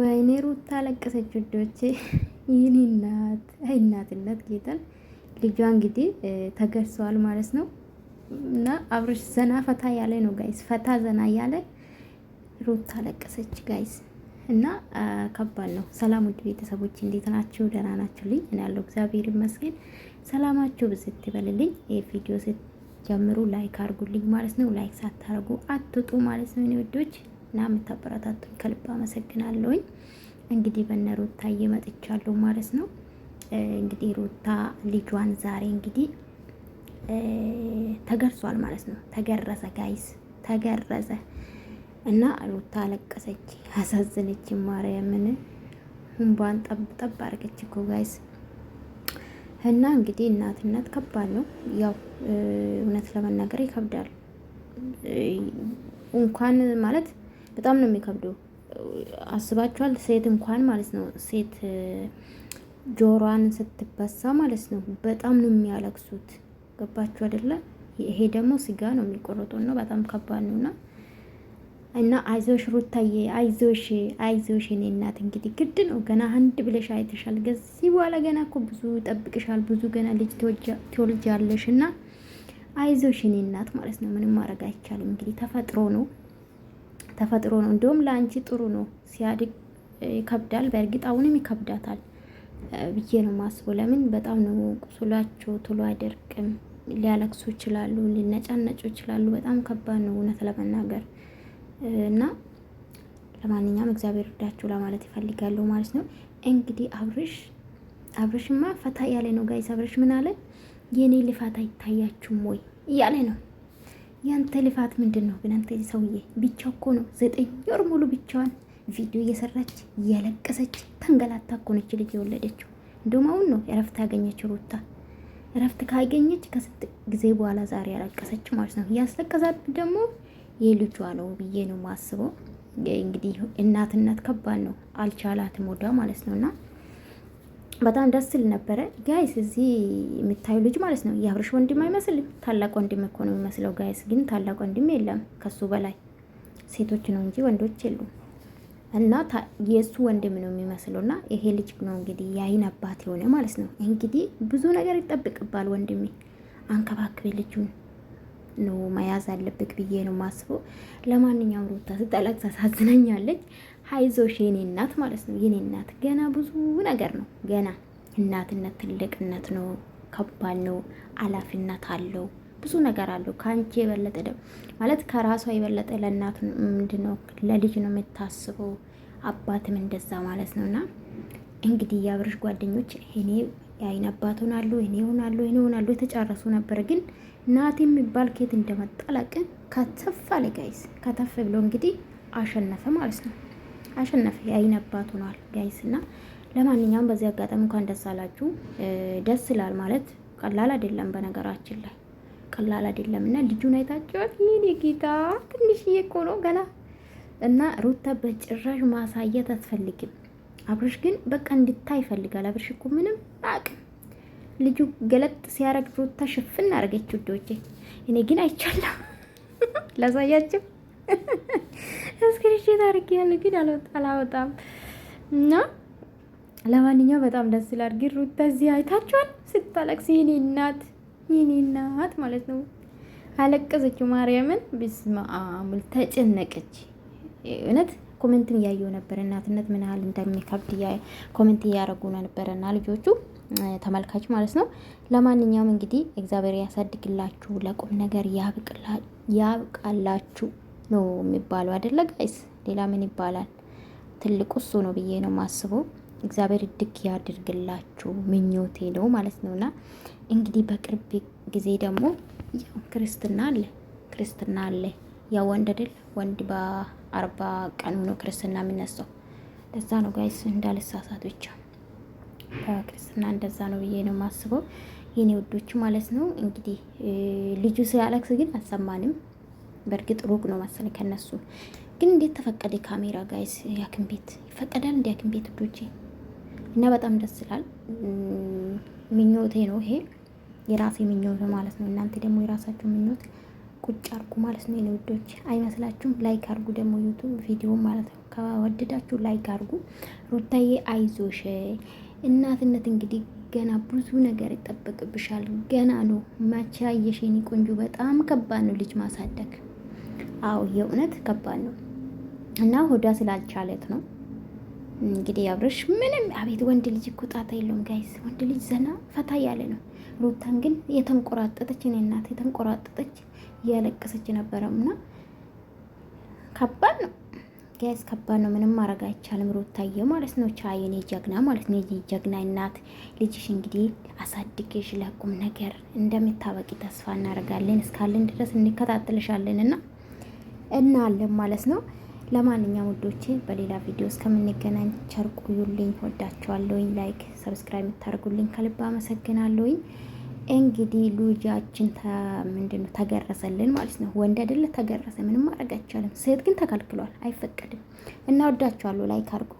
ወይኔ ሩታ ለቀሰች ውዶቼ። ይህን እናት እናትነት ጌጠን ልጇ እንግዲህ ተገርሰዋል ማለት ነው። እና አብረሽ ዘና ፈታ ያለ ነው ጋይስ፣ ፈታ ዘና ያለ ሩታ ለቀሰች ጋይስ። እና ከባድ ነው። ሰላም ውድ ቤተሰቦች እንዴት ናችሁ? ደህና ናችሁ? እኔ ያለው እግዚአብሔር ይመስገን። ሰላማችሁ ብዝት ይበልልኝ። ቪዲዮ ስትጀምሩ ላይክ አድርጉልኝ ማለት ነው። ላይክ ሳታደርጉ አትጡ ማለት ነው ውዶች እና የምታበረታቱኝ ከልብ አመሰግናለሁኝ። እንግዲህ በነ ሩታ እየመጥቻለሁ ማለት ነው። እንግዲህ ሩታ ልጇን ዛሬ እንግዲህ ተገርሷል ማለት ነው። ተገረዘ ጋይስ ተገረዘ እና ሩታ አለቀሰች፣ አሳዘነች። ማርያምን ጠብ ጠብጠብ አድርገች እኮ ጋይስ እና እንግዲህ እናትነት ከባድ ነው። ያው እውነት ለመናገር ይከብዳል እንኳን ማለት በጣም ነው የሚከብደው። አስባችኋል? ሴት እንኳን ማለት ነው ሴት ጆሮዋን ስትበሳ ማለት ነው በጣም ነው የሚያለቅሱት። ገባችሁ አይደለ? ይሄ ደግሞ ስጋ ነው የሚቆረጠው ነው በጣም ከባድ ነውና እና አይዞሽ ሩታዬ፣ አይዞሽ አይዞሽ እኔ እናት። እንግዲህ ግድ ነው ገና አንድ ብለሽ አይተሻል። ከዚህ በኋላ ገና እኮ ብዙ ይጠብቅሻል፣ ብዙ ገና ልጅ ትወልጃለሽ እና አይዞሽ እኔ እናት ማለት ነው። ምንም ማድረግ አይቻልም። እንግዲህ ተፈጥሮ ነው። ተፈጥሮ ነው። እንዲሁም ለአንቺ ጥሩ ነው። ሲያድግ ይከብዳል፣ በእርግጥ አሁንም ይከብዳታል ብዬ ነው ማስበው። ለምን በጣም ነው ቁስላቸው ቶሎ አይደርቅም። ሊያለቅሱ ይችላሉ፣ ሊነጫነጩ ይችላሉ። በጣም ከባድ ነው እውነት ለመናገር እና ለማንኛውም እግዚአብሔር እርዳችሁ ለማለት ይፈልጋለሁ ማለት ነው። እንግዲህ አብርሽ አብርሽማ ፈታ ያለ ነው ጋይስ። አብርሽ ምን አለ? የኔ ልፋት አይታያችሁም ወይ እያለ ነው ያንተ ልፋት ምንድን ነው ግን? አንተ ሰውዬ ብቻ እኮ ነው ዘጠኝ ወር ሙሉ ብቻዋን ቪዲዮ እየሰራች እያለቀሰች ተንገላታ እኮ ነች ልጅ የወለደችው። እንደውም አሁን ነው እረፍት ያገኘችው ሩታ። እረፍት ካገኘች ከስንት ጊዜ በኋላ ዛሬ ያለቀሰች ማለት ነው። እያስለቀሳት ደግሞ የልጇ ነው ብዬ ነው ማስበው። እንግዲህ እናትነት ከባድ ነው። አልቻላትም ወዳ ማለት ነውና በጣም ደስ ስል ነበረ ጋይስ። እዚህ የምታዩ ልጅ ማለት ነው የአብርሽ ወንድም አይመስልም። ታላቅ ወንድም እኮ ነው የሚመስለው ጋይስ፣ ግን ታላቅ ወንድም የለም ከሱ በላይ ሴቶች ነው እንጂ ወንዶች የሉም። እና የእሱ ወንድም ነው የሚመስለው። እና ይሄ ልጅ ነው እንግዲህ የአይን አባት የሆነ ማለት ነው። እንግዲህ ብዙ ነገር ይጠብቅባል ወንድሜ። አንከባክቤ ልጁን ነው መያዝ አለብክ ብዬ ነው ማስበው። ለማንኛውም ሩታ ስጠላቅ ታሳዝነኛለች። ሀይዞሽ የኔ እናት ማለት ነው። የኔ እናት ገና ብዙ ነገር ነው ገና። እናትነት ትልቅነት ነው፣ ከባድ ነው፣ አላፊነት አለው፣ ብዙ ነገር አለው። ከአንቺ የበለጠ ደ ማለት ከራሷ የበለጠ ለእናት ምንድነው ለልጅ ነው የምታስበው፣ አባትም እንደዛ ማለት ነው እና እንግዲህ የአብርሽ ጓደኞች እኔ የአይን አባት ሆናሉ እኔ ሆናሉ እኔ ሆናሉ የተጨረሱ ነበር ግን ናቲ የሚባል ኬት እንደመጣ ላቅን ከተፍ አለ ጋይስ። ከተፍ ብሎ እንግዲህ አሸነፈ ማለት ነው። አሸነፈ የአይን አባት ሆኗል ጋይስ። እና ለማንኛውም በዚህ አጋጣሚ እንኳን ደስ አላችሁ። ደስ ይላል ማለት ቀላል አይደለም፣ በነገራችን ላይ ቀላል አይደለም። እና ልጁን አይታችኋት ይህን ጌታ ትንሽዬ እኮ ነው ገና እና ሩታ በጭራሽ ማሳየት አትፈልግም። አብርሽ ግን በቃ እንድታይ ይፈልጋል። አብርሽ እኮ ምንም አቅ ልጁ ገለጥ ሲያደርግ ሩታ ሽፍን አደረገች። ውዶቼ እኔ ግን አይቻለሁ። ላሳያችሁ እስክሪንሾት አድርጌያለሁ ግን አላወጣም እና ለማንኛው በጣም ደስ ይላል። ግን ሩታ እዚህ አይታችኋል ስታለቅስ፣ የኔ እናት የኔ እናት ማለት ነው አለቀሰችው። ማርያምን ብስማ ሙል ተጨነቀች። እውነት ኮሜንትን እያየው ነበር። እናትነት ምን ያህል እንደሚከብድ ኮሜንት እያደረጉ ነበረና ልጆቹ ተመልካች ማለት ነው። ለማንኛውም እንግዲህ እግዚአብሔር ያሳድግላችሁ፣ ለቁም ነገር ያብቃላችሁ ነው የሚባለው አይደለ ጋይስ? ሌላ ምን ይባላል? ትልቁ እሱ ነው ብዬ ነው የማስበው። እግዚአብሔር ድግ ያድርግላችሁ ምኞቴ ነው ማለት ነውና እንግዲህ በቅርብ ጊዜ ደግሞ ክርስትና አለ ክርስትና አለ። ያ ወንድ አይደል ወንድ በአርባ ቀኑ ነው ክርስትና የሚነሳው ለዛ ነው ጋይስ እንዳልሳሳት ብቻ በክርስትና እንደዛ ነው ብዬ ነው የማስበው የኔ ውዶቹ ማለት ነው። እንግዲህ ልጁ ሲያለቅስ ግን አልሰማንም። በእርግጥ ሩቅ ነው መሰለኝ ከነሱ ግን እንዴት ተፈቀደ ካሜራ ጋይስ? ያክን ቤት ይፈቀዳል እንዲ ያክን ቤት ውዶቼ። እና በጣም ደስ ይላል። ምኞቴ ነው ይሄ የራሴ ምኞት ማለት ነው። እናንተ ደግሞ የራሳችሁ ምኞት ቁጭ አርጉ ማለት ነው የኔ ውዶች፣ አይመስላችሁም? ላይክ አርጉ ደግሞ ዩቱብ ቪዲዮ ማለት ነው። ከወደዳችሁ ላይክ አርጉ። ሩታዬ አይዞሽ እናትነት እንግዲህ ገና ብዙ ነገር ይጠበቅብሻል። ገና ነው መቻ የሽኒ ቆንጆ፣ በጣም ከባድ ነው ልጅ ማሳደግ። አዎ የእውነት ከባድ ነው እና ሆዳ ስላልቻለት ነው እንግዲህ አብረሽ ምንም አቤት ወንድ ልጅ እኮ ጣጣ የለውም ጋይስ፣ ወንድ ልጅ ዘና ፈታ ያለ ነው። ሩታን ግን የተንቆራጠጠች እኔ እናት የተንቆራጠጠች እያለቀሰች ነበረም እና ከባድ ነው። ጋይስ ነው። ምንም ማድረግ አይቻልም። ሩታዬ ማለት ነው ቻየን ጀግና ማለት ነው ጀግና እናት ልጅሽ እንግዲህ አሳድግሽ ለቁም ነገር እንደምታበቂ ተስፋ እናደርጋለን። እስካለን ድረስ እንከታተልሻለን እና እናለን ማለት ነው። ለማንኛውም ውዶቼ በሌላ ቪዲዮ እስከምንገናኝ ቸር ቆዩልኝ። ወዳችኋለሁኝ። ላይክ ሰብስክራይብ የምታደርጉልኝ ከልብ አመሰግናለሁኝ። እንግዲህ ሉጃችን ምንድን ነው ተገረሰልን ማለት ነው። ወንድ አይደለ ተገረሰ፣ ምንም ማድረግ አይቻልም። ሴት ግን ተከልክሏል፣ አይፈቀድም። እና ወዳችኋለሁ። ላይክ አድርጉ።